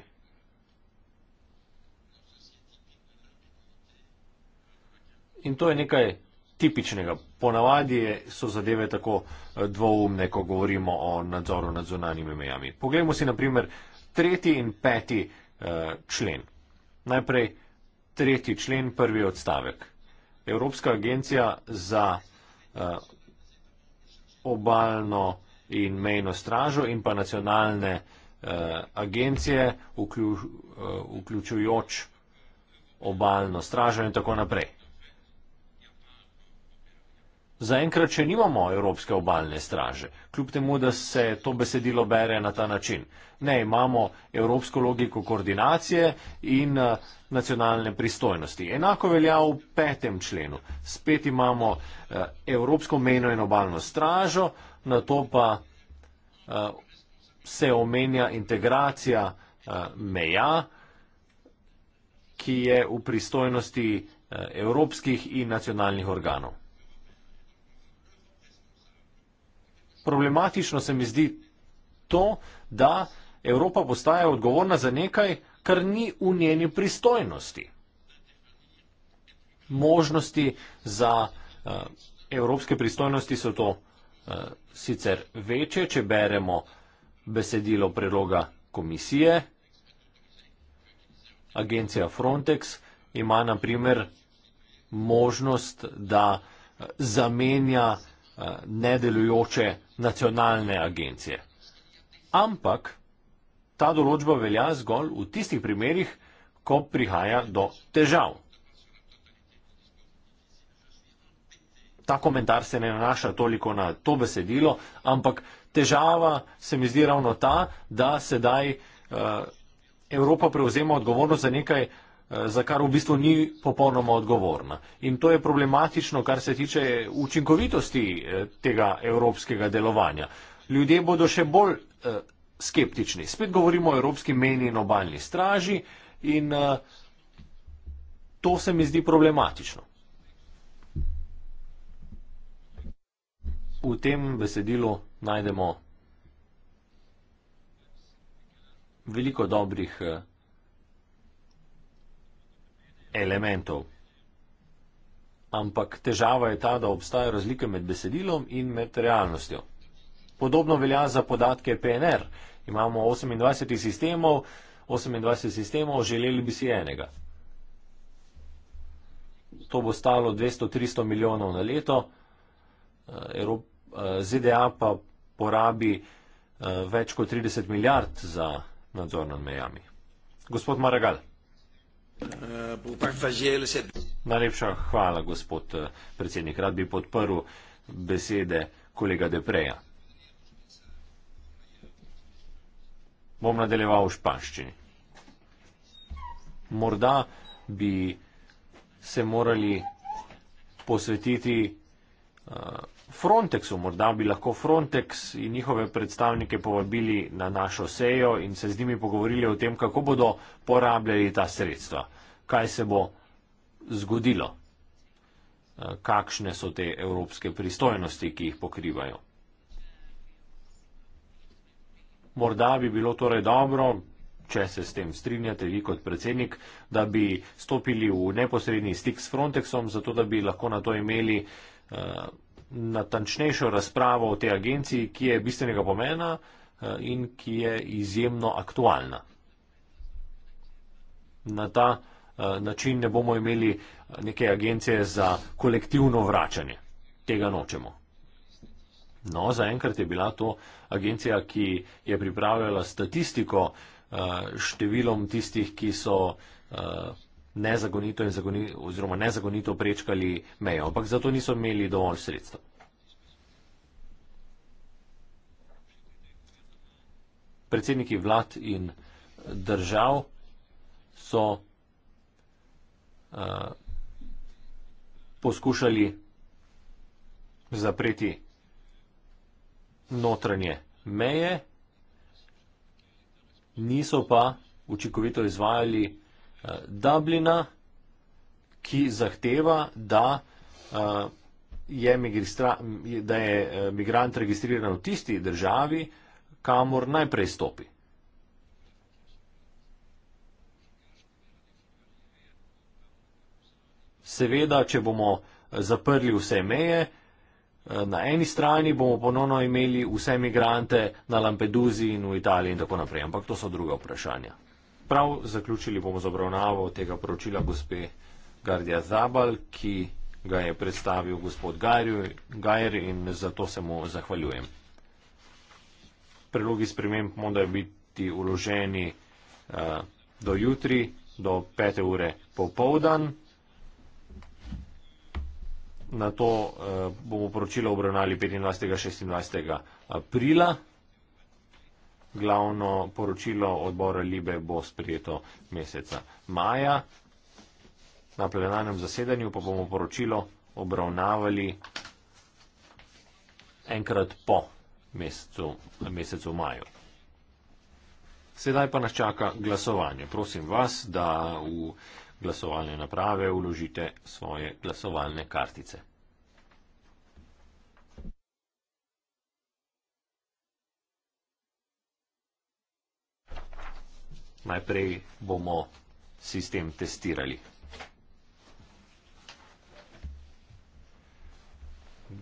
In to je nekaj tipičnega. Ponavadi so zadeve tako eh, dvoumne, ko govorimo o nadzoru nad zunanjimi mejami. Poglejmo si naprimer tretji in peti eh, člen. Najprej tretji člen, prvi odstavek. Evropska agencija za eh, obalno in mejno stražo in pa nacionalne agencije, vključujoč obalno stražo in tako naprej zaenkrat še nimamo Evropske obaljne straže, kljub temu, da se to besedilo bere na ta način. Ne, imamo evropsko logiko koordinacije in eh, nacionalne pristojnosti. Enako velja v petem členu. Spet imamo eh, Evropsko mejno in obaljno stražo, na to pa eh, se omenja integracija meja, ki je v pristojnosti evropskih in nacionalnih organov. problematično se mi zdi to, da Evropa postaja odgovorna za nekaj, kar ni v njeni pristojnosti. Možnosti za uh, evropske pristojnosti so to uh, sicer večje, če beremo besedilo predloga komisije. Agencija Frontex ima naprimer možnost, da eh, zamenja uh, Eh, nedelujoče nacionalne agencije. Ampak ta določba velja zgolj v tistih primerjih, ko prihaja do težav. Ta komentar se ne nanaša toliko na to besedilo, ampak težava se mi zdi ravno ta, da sedaj uh, Evropa prevzema odgovornost za nekaj, uh, Eh, za kar v bistvu ni popolnoma odgovorna. In to je problematično, kar se tiče učinkovitosti eh, tega evropskega delovanja. Ljudje bodo še bolj eh, skeptični. Spet govorimo o evropski meni in obaljni straži in to se mi zdi problematično. V tem besedilu najdemo veliko dobrih elementov. Ampak težava je ta, da obstaja razlika med besedilom in med realnostjo. Podobno velja za podatke PNR. Imamo 28 sistemov, 28 sistemov, želeli bi si enega. To bo stalo 200-300 milijonov na leto, eh, eh, ZDA pa porabi eh, več kot 30 milijard za nadzor nad mejami. Gospod Maragal. Najlepša hvala, gospod eh, predsednik. Rad bi podprl besede kolega Depreja. Bom nadaljeval v španščini. Morda bi se morali posvetiti uh, Frontexu. Morda bi lahko Frontex in njihove predstavnike povabili na našo sejo in se z njimi pogovorili o tem, kako bodo porabljali ta sredstva, kaj se bo zgodilo, eh, kakšne so te evropske pristojnosti, ki jih pokrivajo. Morda bi bilo torej dobro, če se s tem strinjate vi kot predsednik, da bi stopili v neposredni stik s Frontexom, zato da bi lahko na to imeli eh, natančnejšo razpravo o tej agenciji, ki je bistvenega pomena eh, in ki je izjemno aktualna. Na ta eh, način ne bomo imeli eh, neke agencije za kolektivno vračanje. Tega nočemo. No, zaenkrat je bila to agencija, ki je pripravljala statistiko številom tistih, ki so nezagonito, zagoni, oziroma nezagonito prečkali mejo, ampak zato niso imeli dovolj sredstev. Predsedniki vlad in držav so uh, poskušali zapreti notranje meje, niso pa učinkovito izvajali Eh, Dublina, ki zahteva, da eh, je, da je eh, migrant registriran v tisti državi, kamor najprej stopi. Seveda, če bomo zaprli vse meje, na eni strani bomo ponovno imeli vse migrante na Lampeduzi in v Italiji in tako naprej, ampak to so druga vprašanja. Prav zaključili bomo z obravnavo tega poročila gospe Gardija Zabal, ki ga je predstavil gospod Gajer in zato se mu zahvaljujem. Prelogi sprememb morajo biti uloženi uh, do jutri, do 5. ure popovdan. Na to uh, eh, bomo poročilo obravnali 25. in 26. aprila glavno poročilo odbora Libe bo sprejeto meseca maja. Na plenarnem zasedanju pa bomo poročilo obravnavali enkrat po mesecu, mesecu maju. Sedaj pa nas čaka glasovanje. Prosim vas, da v glasovalne naprave vložite svoje glasovalne kartice. najprej bomo sistem testirali.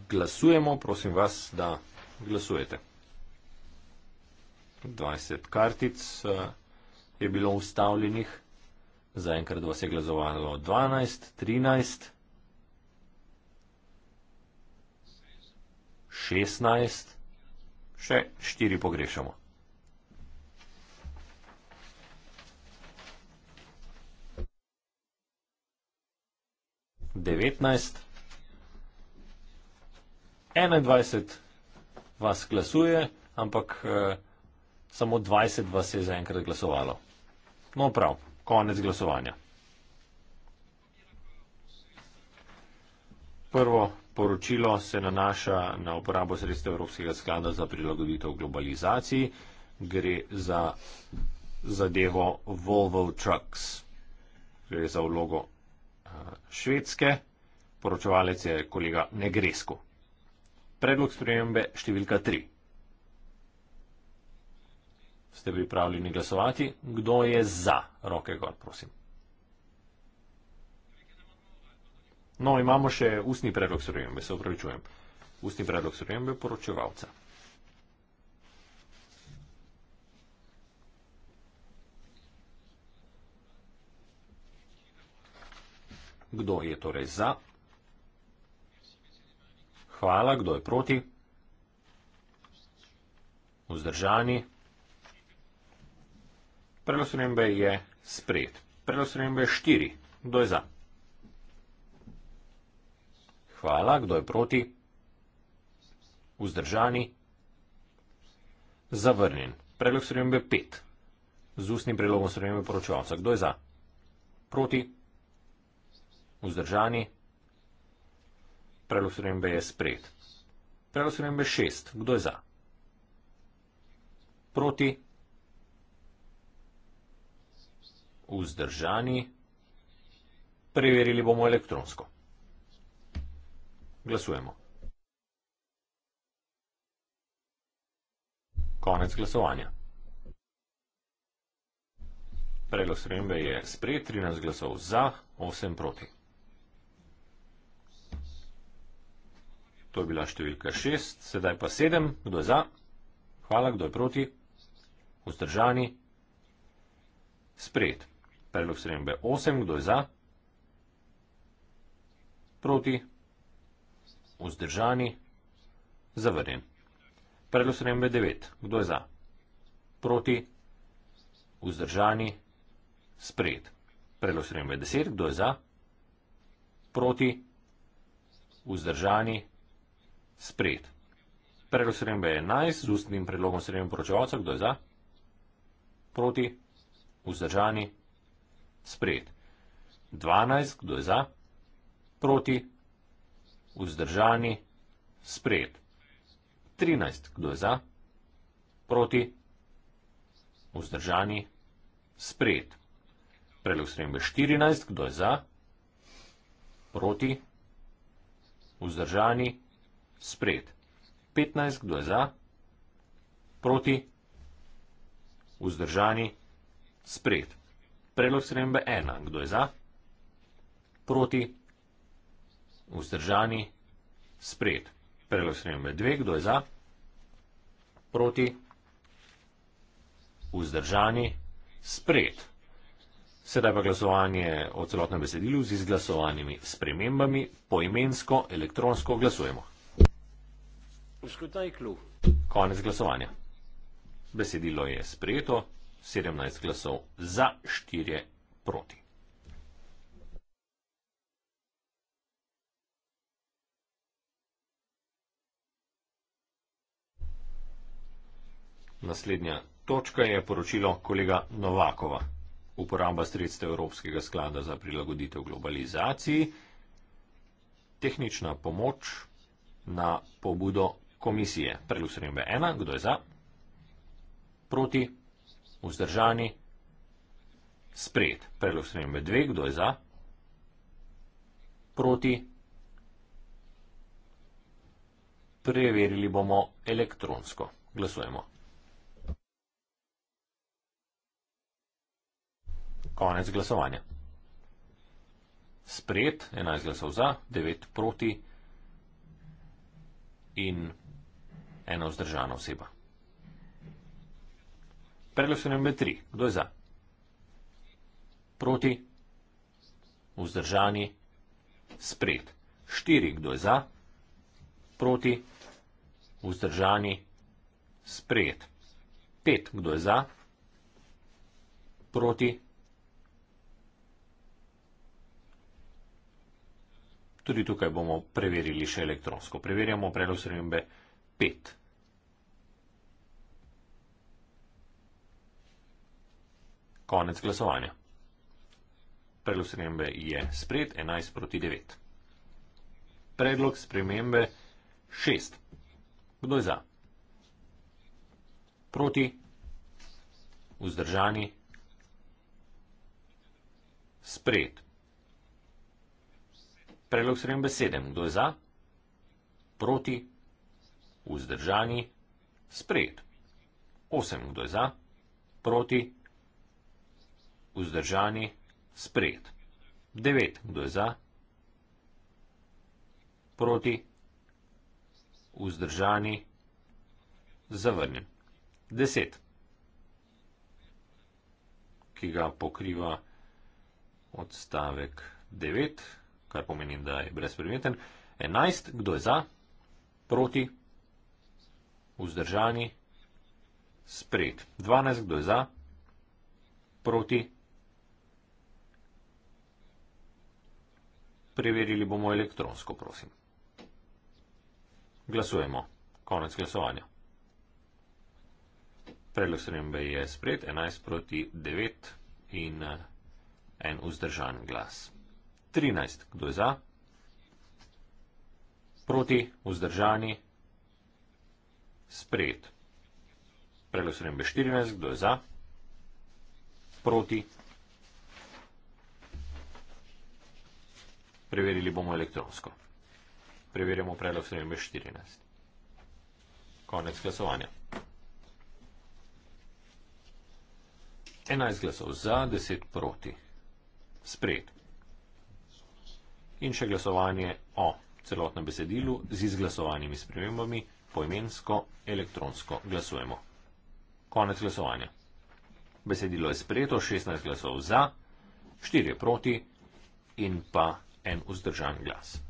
Glasujemo, prosim vas, da glasujete. 20 kartic eh, je bilo ustavljenih, zaenkrat vas je glasovalo 12, 13, 16, še 4 pogrešamo. 19, 21 vas glasuje, ampak eh, samo 20 vas je zaenkrat glasovalo. No prav, konec glasovanja. Prvo poročilo se nanaša na uporabo sredstev Evropskega sklada za prilagoditev globalizaciji. Gre za zadevo Volvo Trucks. Gre za vlogo Švedske, poročevalec je kolega Negresko. Predlog sprejembe številka 3. Ste pripravljeni glasovati? Kdo je za? Roke gor, prosim. No, imamo še ustni predlog sprejembe, se upravičujem. Ustni predlog sprejembe poročevalca. Kdo je torej za? Hvala, kdo je proti? Vzdržani. Predlog spremembe je sprejet. Predlog spremembe je štiri. Kdo je za? Hvala, kdo je proti? Vzdržani. Zavrnjen. Predlog spremembe je pet. Z ustnim predlogom spremembe poročevalca. Kdo je za? Proti vzdržani, predlog spremembe je sprejet. Predlog spremembe šest, kdo je za? Proti, vzdržani, preverili bomo elektronsko. Glasujemo. Konec glasovanja. Predlog spremembe je sprejet, 13 glasov za, 8 proti. To je bila številka 6, sedaj pa 7. Kdo je za? Hvala, kdo je proti? Vzdržani? Sprejet. Predlog srembe 8. Kdo je za? Proti? Vzdržani? Zavrnjen. Predlog srembe 9. Kdo je za? Proti? Vzdržani? Sprejet. Predlog srembe 10. Kdo je za? Proti? Vzdržani? Zavrnjen. Sprejet. Predlog sprejembe je 11 z ustnim predlogom sprejembe poročevalca. Kdo je za? Proti? Vzdržani? Sprejet. 12. Kdo je za? Proti? Vzdržani? Sprejet. 13. Kdo je za? Proti? Vzdržani? Sprejet. Predlog sprejembe 14. Kdo je za? Proti? Vzdržani? Sprejet sprejet. 15, kdo je za, proti, vzdržani, sprejet. Predlog srembe 1, kdo je za, proti, vzdržani, sprejet. Predlog srembe 2, kdo je za, proti, vzdržani, sprejet. Sedaj pa glasovanje o celotnem besedilu z izglasovanimi spremembami, poimensko, elektronsko glasujemo. Skrutin je klo. Konec glasovanja. Besedilo je sprejeto, 17 glasov za, 4 proti. Naslednja točka je poročilo kolega Novakova. Uporaba sredstev Evropskega sklada za prilagoditev globalizaciji, tehnična pomoč na pobudo komisije. Preglasujem v ena, kdo je za, proti, vzdržani, sprejet. Preglasujem v dve, kdo je za, proti. Preverili bomo elektronsko. Glasujemo. Konec glasovanja. Sprejet, 11 glasov za, 9 proti in ena vzdržana oseba. Predlog so nam tri. Kdo je za? Proti, vzdržani, sprejet. Štiri. Kdo je za? Proti, vzdržani, sprejet. Pet. Kdo je za? Proti. Tudi tukaj bomo preverili še elektronsko. Preverjamo predlog srednjega. 5. Konec glasovanja. Predlog spremembe je spred 11 proti 9. Predlog spremembe 6. Kdo je za? Proti, vzdržani, spred. Predlog spremembe 7. Kdo je za? Proti, vzdržani vzdržani, sprejet. 8. Kdo je za? Proti. Vzdržani, sprejet. 9. Kdo je za? Proti. Vzdržani, zavrnjen. 10. Ki ga pokriva odstavek 9, kar pomeni, da je brezpredmeten. 11. Kdo je za? Proti vzdržani, sprejet. 12, kdo je za, proti. Preverili bomo elektronsko, prosim. Glasujemo. Konec glasovanja. Predlog srembe je sprejet, 11 proti 9 in eh, en vzdržan glas. 13, kdo je za? Proti, vzdržani, sprejet. Preglasujem B14, kdo je za? Proti. Preverili bomo elektronsko. Preverjamo predlog sprejembe 14. Konec glasovanja. 11 glasov za, 10 proti. Sprejet. In še glasovanje o celotnem besedilu z izglasovanimi sprejembami 14 poimensko, elektronsko glasujemo. Konec glasovanja. Besedilo je sprejeto, 16 glasov za, 4 proti in pa en vzdržan glas.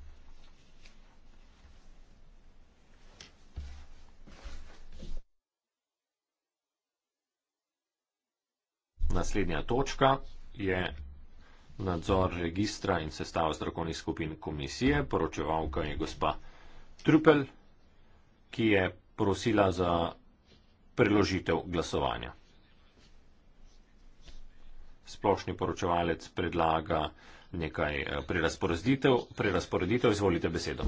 Naslednja točka je nadzor registra in sestava strokovnih skupin komisije, poročevalka je gospa Trupel ki je prosila za preložitev glasovanja. Splošni poročevalec predlaga nekaj eh, prerasporeditev. Prerasporeditev, izvolite besedo.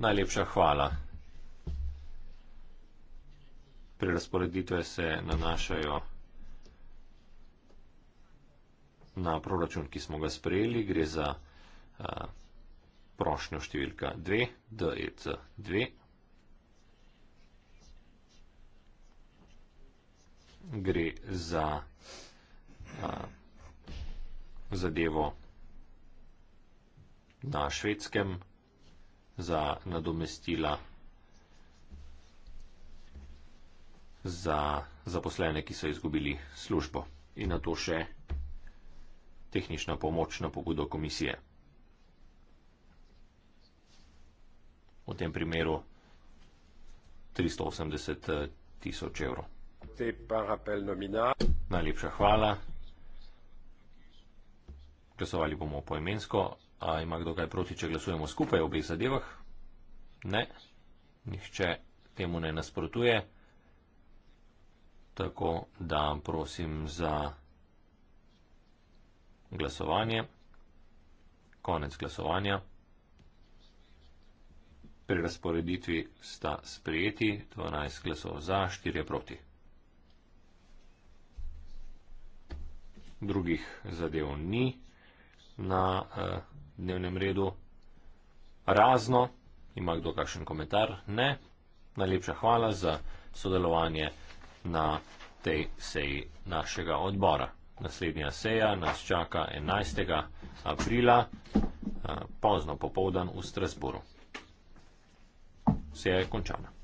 Najlepša hvala. Prerasporeditve se nanašajo na proračun, ki smo ga sprejeli. Gre za uh, prošnjo številka 2, DEC 2. Gre za zadevo na švedskem za nadomestila za zaposlene, ki so izgubili službo in na to še tehnična pomoč na pogodo komisije. v tem primeru 380 eh, tisoč evrov. Najlepša hvala. Glasovali bomo poemensko. A ima kdo kaj proti, če glasujemo skupaj o obeh zadevah? Ne, nihče temu ne nasprotuje. Tako da prosim za glasovanje. Konec glasovanja. Pri razporeditvi sta sprejeti 12 glasov za, 4 proti. Drugih zadev ni na eh, dnevnem redu. Razno, ima kdo kakšen komentar? Ne. Najlepša hvala za sodelovanje na tej seji našega odbora. Naslednja seja nas čaka 11. aprila, eh, pozno popovdan v Strasburu se je končana.